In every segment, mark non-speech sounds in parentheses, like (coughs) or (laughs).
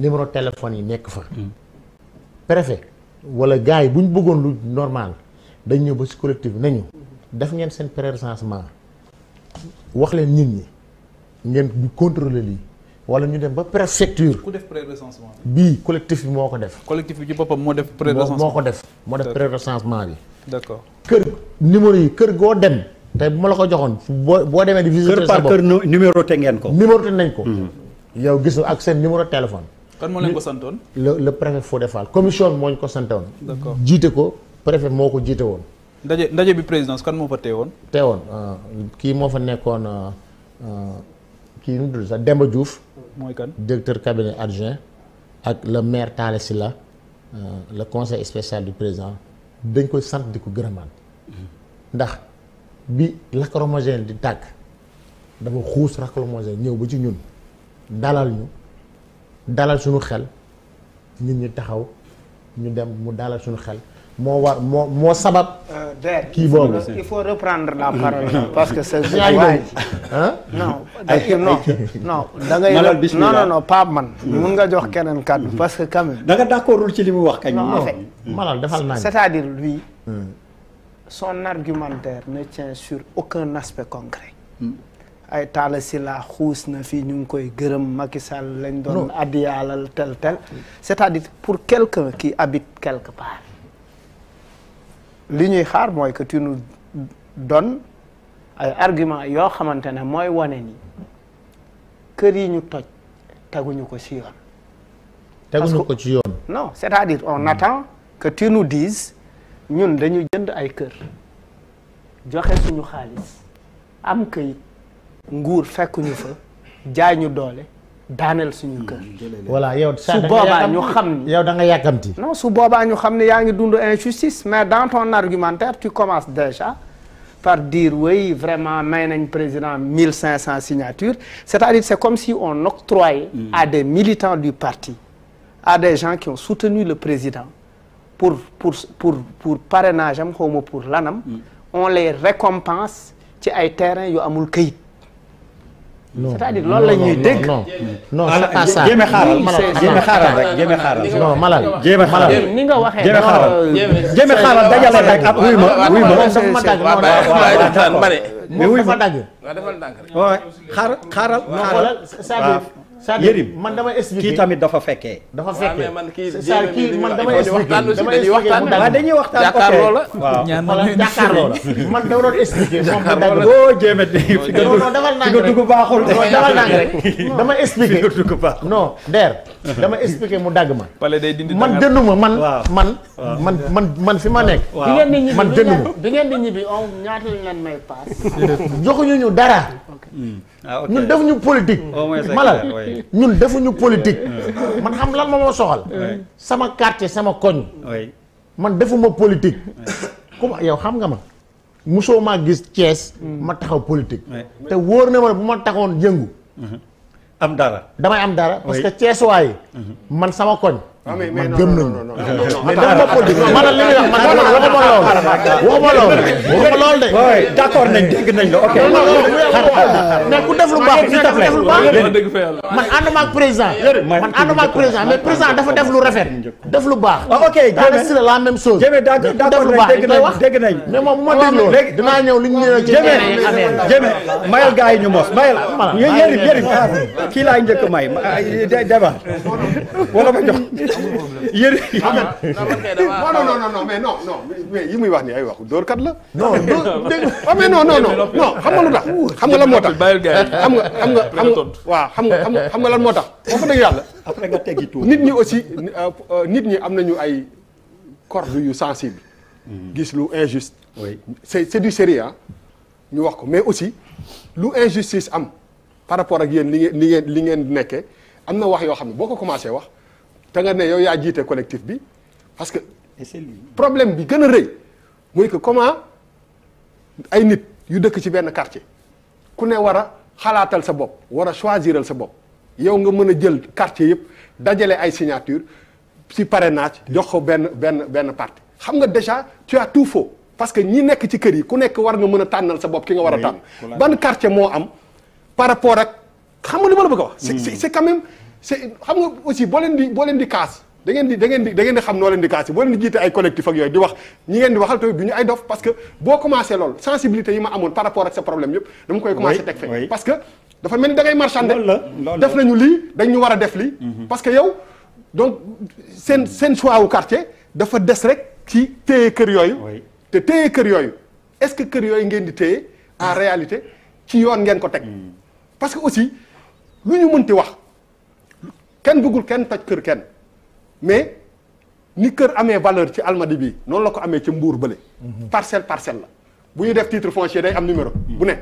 numéro téléphone yi nekk fa. Hmm. préfet wala gars yi bu ñu bëggoon lu normal dañ ñëw ba si collectif nañu. def ngeen seen pré-recensement wax leen nit ñi ngeen ñu contrôler lii wala ñu dem ba préfecture. ku def pré bii collectif bi moo ko def. collectif bi ci boppam moo def. pré-recensement ko def. moo def pré-recensement bi. d'accord kër numéro yi kër goo dem. te bu ma la ko joxoon boo boo demee di. visiter sa bopp kër par ngeen ko. numéroté nañ ko. Hmm. yow gis ak seen numéro téléphone. kan moo leen ko santoon. le le préfet Fodé Fall commission moo ñu ko santoon. d'accord jiite ko préfet moo ko jiite woon. ndaje ndaje bi présidence kan moo fa teewoon. teewoon euh, kii moo fa nekkoon euh, euh, kii nu mu tudd sax Demba Diouf. mooy kan directeur cabinet adjoint ak le maire Talla la le conseil spécial du président dañ koy sant di ko gërëmaat. ndax bi lacrymogène di tàkk dafa xuus lacrymogène ñëw ba ci ñun dalal ñu. dalal suñu xel nit ñi taxaw ñu dem mu dalal suñu xel moo war moo moo sabab. kii boobu il faut reprendre la parole. (laughs) parce que c'est waay non non da ngay non non non Pape man. Mm. mun nga jox keneen kàddu parce que quand danga da d'accordul ci li mu wax kañ. non malal defal naa c'est-à-dire lui. Mm. son argumentaire ne tient sur aucun aspect concret. Mm. ay Talla Sylla xuus na fii ñu ngi koy gërëm Macky Sall lañ doon addiyaalal tel tel c'est-à-dire pour quelqu'un qui habite quelque part li ñuy xaar mooy que tu don ay argument yoo xamante ne mooy wane ni kër yi ñu toj teguñu ko ci yoon teguñu ko ci yoon non c'est-à-dire on hmm. attend que tu nous ñun dañu jënd ay kër joxe suñu xaalis am këyit nguur ñu fa jaay ñu doole daaneel suñu mm, kër. voilà yow su boobaa ñu xam yow da nga yàkkamti. non su boobaa ñu xam ne yaa ngi dund injustice mais dans ton argumentaire tu commence déjà par diir oui vraiment may nañ président 1500 signatures c'est-à-dire c'est comme si on octroyait. Mm. à des militants du parti. à des gens qui ont soutenu le président pour pour pour pour parrainage am xaw ma pour lanam. Mm. on les récompense ci ay terrains yu amul këyit. c'est-à-dire loolu la ñuy dégg. non non c'est pas ça jéeme xaaral jéeme xaaral rek jéeme xaaral. non malal jéeme xaaral ni nga waxee. jéeme xaaral jéeme xaaral dajale wuy ma wuy ma. dafa ma dagg noonu ma dagg. waaw Yërim man dama expliqué kii tamit dafa fekkee. dafa fekkee waaw man kii kii man dama expliqué waaw dañuy waxtaan jàkkaarloo la waaw jàkkaarloo la man dama doon expliqué. jàkkaarloo (laughs) la boo jéem a fi nga dugg baaxul. dama expliqué fi nga (laughs) dugg baaxul. non dama expliqué mu dagg ma. pale day dindi man dënnu ma man. man man man man si ma nekk. man dënnu ma bi ngeen di ñibbi on ñaata lañ leen may paas. (laughs) joxuñu ñu dara. Hmm. Ah, ñun defuñu politique. malal ñun defuñu politique. Hmm. man xam lan moo ma soxal. sama quartier sama koñ. man defuma politique. comme yow xam nga ma. musoo maa gis Thiès. Hmm. ma taxaw politique. te wóor na ma bu ma taxoon yëngu. am dara damay am dara parce que man sama koñ. ah mais mais non non non ma politique man li muy wax man waxuma de. oui d'accord nañ dégg nañ la ok. mais ku def lu baax s'il te plaît man ànduma ak président man ànduma ak président dafa def lu rafet def lu baax. ah ok jéeme c'est la même chose. jéeme d'accord dégg nañ dégg nañ. mais moom ma dégg loolu léegi dinaa ñëw li ñu ñëwee ci jéeme mayal gars yi ñu mos mayal kii laay njëkk may débat wala ma jox. Ah, yéen non non mais non non mais yi muy wax ni ay waxu dóorkat la. non dégg nga ah, mais non non non xam nga lu tax. xam nga lan moo tax xam nga xam xam nga xam nga xam nga lan moo tax. wax dëgg yàlla. après nga teggi tuuti nit ñi aussi euh, nit ñi am nañu ay cordes yu sensible mm. gis lu injuste. oui c'est c'est du sérieux ñu wax ko mais aussi lu injustice am par rapport ak yéen li ngeen li ngeen li nekkee am na wax yoo xam ne boo ko commencé wax. te nga ne yow yaa jiite collectif bi parce que problème bi gën a rëy muy que comment ay nit yu dëkk ci benn quartier ku ne war a xalaatal sa bopp war a choisiral sa bopp yow nga mën a jël quartier yëpp dajale ay signature ci parrainage jox ko benn benn benn parti xam nga déjà tu as tout faux parce que ñi nekk ci kër yi ku nekk war nga mën a tànnal sa bopp ki nga war a tànn ban quartier moo am par rapport ak xam nga li ma la bëgg a wax c'est hmm. c'est quand même c'est xam nga aussi boo leen di boo leen di kaas da ngeen di da ngeen di da ngeen di xam noo leen di kaas boo leen di jiite ay collectif ak yooyu di wax ñi ngeen di waxal tamit du ñu ay dof parce que boo commencé lool sensibilité yi ma amoon par rapport ak sa problème yëpp dama koy commencé teg fee parce que dafa mel ni da ngay marchandé def nañu lii dañu war a def lii mhm. parce que yow donc seen seen choix wu quartier dafa des rek ci téye kër yooyu te téye kër yooyu est-ce que kër yooyu ngeen di téye en mhm. réalité ci yoon ngeen ko teg mhm. parce que aussi lu ñu mënti wax kenn bëggul kenn toj kër kenn mais ni kër amee valeur ci almadi bi noonu la ko amee ci mbuur bële. Mhm. parcelle parcelle la bu ñu def titre foncier day am numéro. bu ne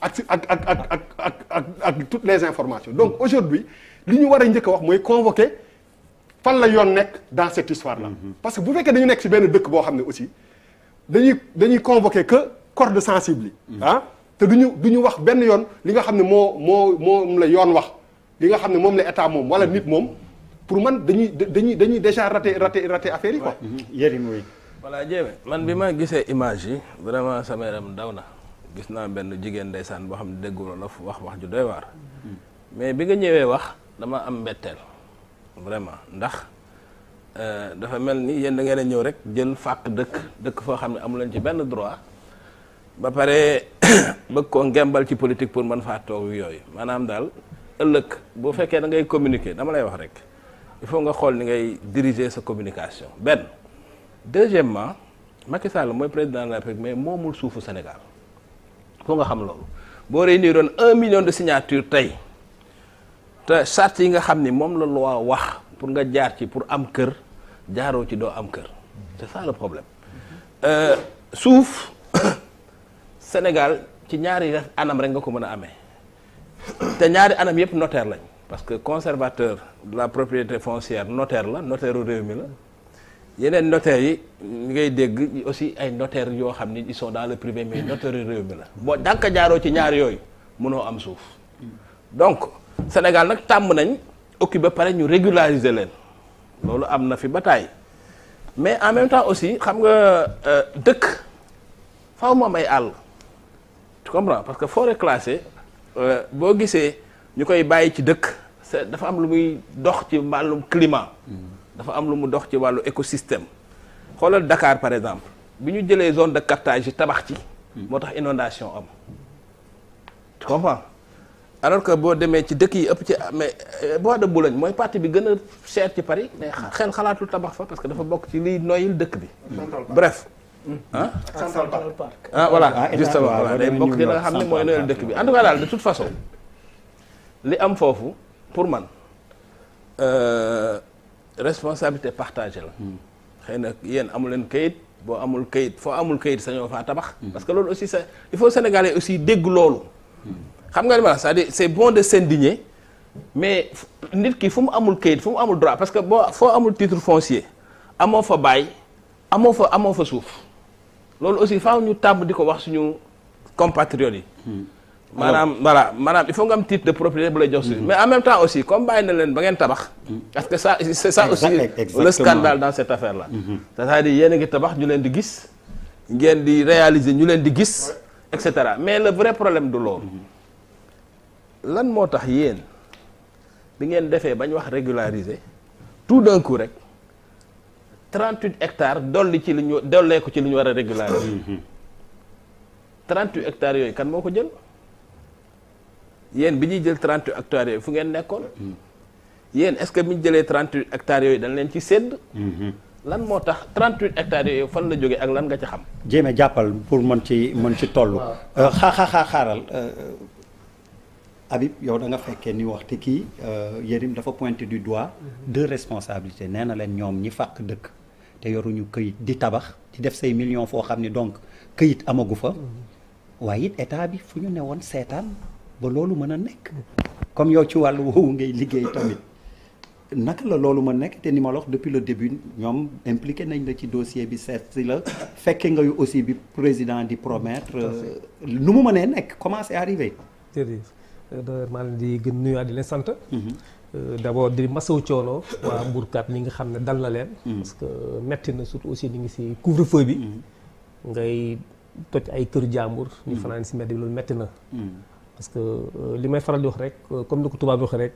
ak si ak ak ak ak ak ak ak toutes les informations donc aujourd'hui li ñu war a njëkk a wax mooy convoquer fan la yoon nekk dans cette histoire là. Mhm. parce que bu fekkee dañu nekk ci benn dëkk boo xam ne aussi dañuy dañuy convoquer que corps de sensible yi. Mhm. ah te du ñu du ñu wax benn yoon li nga xam ne moo moo moom la yoon wax. li nga xam ne moom la état moom wala nit moom pour man dañuy dañuy dañuy déjà raté raté raté affaire yi quoi. Mm-hmm. yëriñ mooy. voilà jéeme man bi ma gisee image yi vraiment sama yaram daw na gis naa benn jigéen ndeysaan boo xam ne déggu Wolof wax wax ju doy waar. Mm-hmm. mais bi nga ñëwee wax dama am mbetteel vraiment ndax euh, dafa mel ni yéen da ngeen a ñëw rek jël fàq dëkk dëkk foo xam ne amul leen ci benn droit ba pare (coughs) bëgg koo ngembal ci politique pour mën faa toog yooyu maanaam daal. ëllëg boo fekkee da ngay communiquer dama lay wax rek il faut nga xool ni ngay diriger sa communication benn deuxièmement Macky Sall mooy président de la République mais moomul suufu Sénégal foo nga xam loolu boo réunir doon un million de signature tey te charte yi nga xam ni moom la loi wax pour nga jaar ci pour am kër jaaroo ci doo am kër c'est ça le problème euh, suuf (coughs) Sénégal ci ñaari anam rek nga ko mën a amee te ñaari anam yëpp notaire lañ parce que conservateur de la propriété foncière notaire la notaire u réew mi la yeneen notaires yi ngay dégg aussi ay notaires yoo xam ni ils sont dans le privé mais notaire u réew mi la boo dànk jaaroo ci ñaar yooyu mënoo am suuf donc Sénégal nag tàmm nañ okki ba pare ñu régulariser leen loolu am na fi ba tàyyi mais en même temps aussi xam nga euh, dëkk faaw moom ay àll tu parce que forêt classée Euh, boo gisee ñu koy bàyyi ci dëkk dafa am lu muy dox ci wàllum climat mm. dafa am lu mu dox ci wàllu écosystème xoolal dakaar par exemple bi ñu jëlee zone de cartage tabax ci mm. moo tax inondation am tu comprends alors que boo demee ci dëkk yi ëpp ci mais euh, bois de Boulogne mooy partie bi gën a cher ci Paris mais xel xalaatul tabax fa parce que dafa bokk ci liy noyil dëkk bi mm. bref ah Central Park ah voilà ah, justement voilà day la xam ne mooy noël dëkk bi en tout cas daal de toute façon li am foofu pour man euh, responsabilité partagée la hmm. xëy na yéen amul leen kayit boo amul kayit foo amul kayit sañoo faa tabax hmm. parce que loolu aussi ça il faut Sénégalais aussi dégg loolu hmm. xam nga li ma la c'est-à-dire c'est bon de s'indigner mais nit ki fu mu amul kayit fu mu amul droit parce que boo foo amul titre foncier amoo fa bail amoo fa amoo fa suuf loolu aussi faaw ñu tàmm di ko wax suñu compatriotes yi. maanaam voilà maanaam il faut nga am titre de propriété bu lay jox suñu. Mm-hmm. mais en même temps aussi comme bàyyi na leen ba ngeen tabax. Mm-hmm. parce que ça c'est ça aussi le scandale dans cette affaire là. Mm-hmm. c'est-à-dire yéen a ngi tabax ñu leen di gis ngeen di réaliser ñu leen di gis et cetera mais la vrai problème du loolu. lan moo tax yéen bi ngeen defee bañ wax régulariser tout d'un coup rek. 38 hectares dolli ci li ñu dollee ko ci lu ñu war a régulariser 38 mm-hmm. hectares yooyu kan moo ko jël yéen bi ñuy jël 38 hectares yooyu fu ngeen nekkoon mm-hmm. yéen est-ce que bi ñu jëlee 38 hectares yooyu dañ leen ci sédd mm-hmm. lan moo tax 38 hectares yooyu fan la jógee ak lan nga ci xam. jéeme jàppal pour mën ci mën ci toll. Euh, xaaxaa xaaral euh, Habib yow da nga fekkee ni waxtu kii euh, Yérim dafa pointé du doigt deux responsabilités nee na leen ñoom ñi fàq dëkk. te yoruñu këyit di tabax di def say million foo xam ne donc këyit amagu fa mm-hmm. waaye it état bi fu ñu ne woon seetaan ba loolu mën a nekk comme yow ci wàll woowu ngay liggéey tamit naka la loolu ma nekk te ni ma la depuis le début ñoom impliqué nañ la ci dossier bi seet si la fekkee nga aussi bi président di promettre euh, nu mu mënee nekk comment c'est arrivé. jërëjëf euh, d'ailleurs di gën nuyuwaat di leen sant. Mm-hmm. Euh, d' abord di masawu coono waa Mbourkat li nga xam ne dal na leen. Mm. parce que metti na surtout aussi ñu ngi si couvre feu bi. Mm. ngay toj ay kër jàmbur. ñu mm. fanaan si mbedd bi loolu metti na. parce que euh, li may faral di wax rek euh, comme ni ko tubaab di waxee rek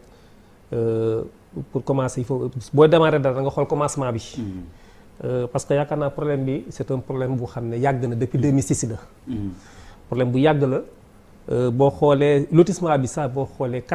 pour commencer il faut booy démarrer dara nga xool commencement bi. parce que yaakaar naa problème bi c' est un problème bu xam ne yàgg na depuis 2006 la. problème bu yàgg la boo xoolee lotissement bi sax boo xoolee.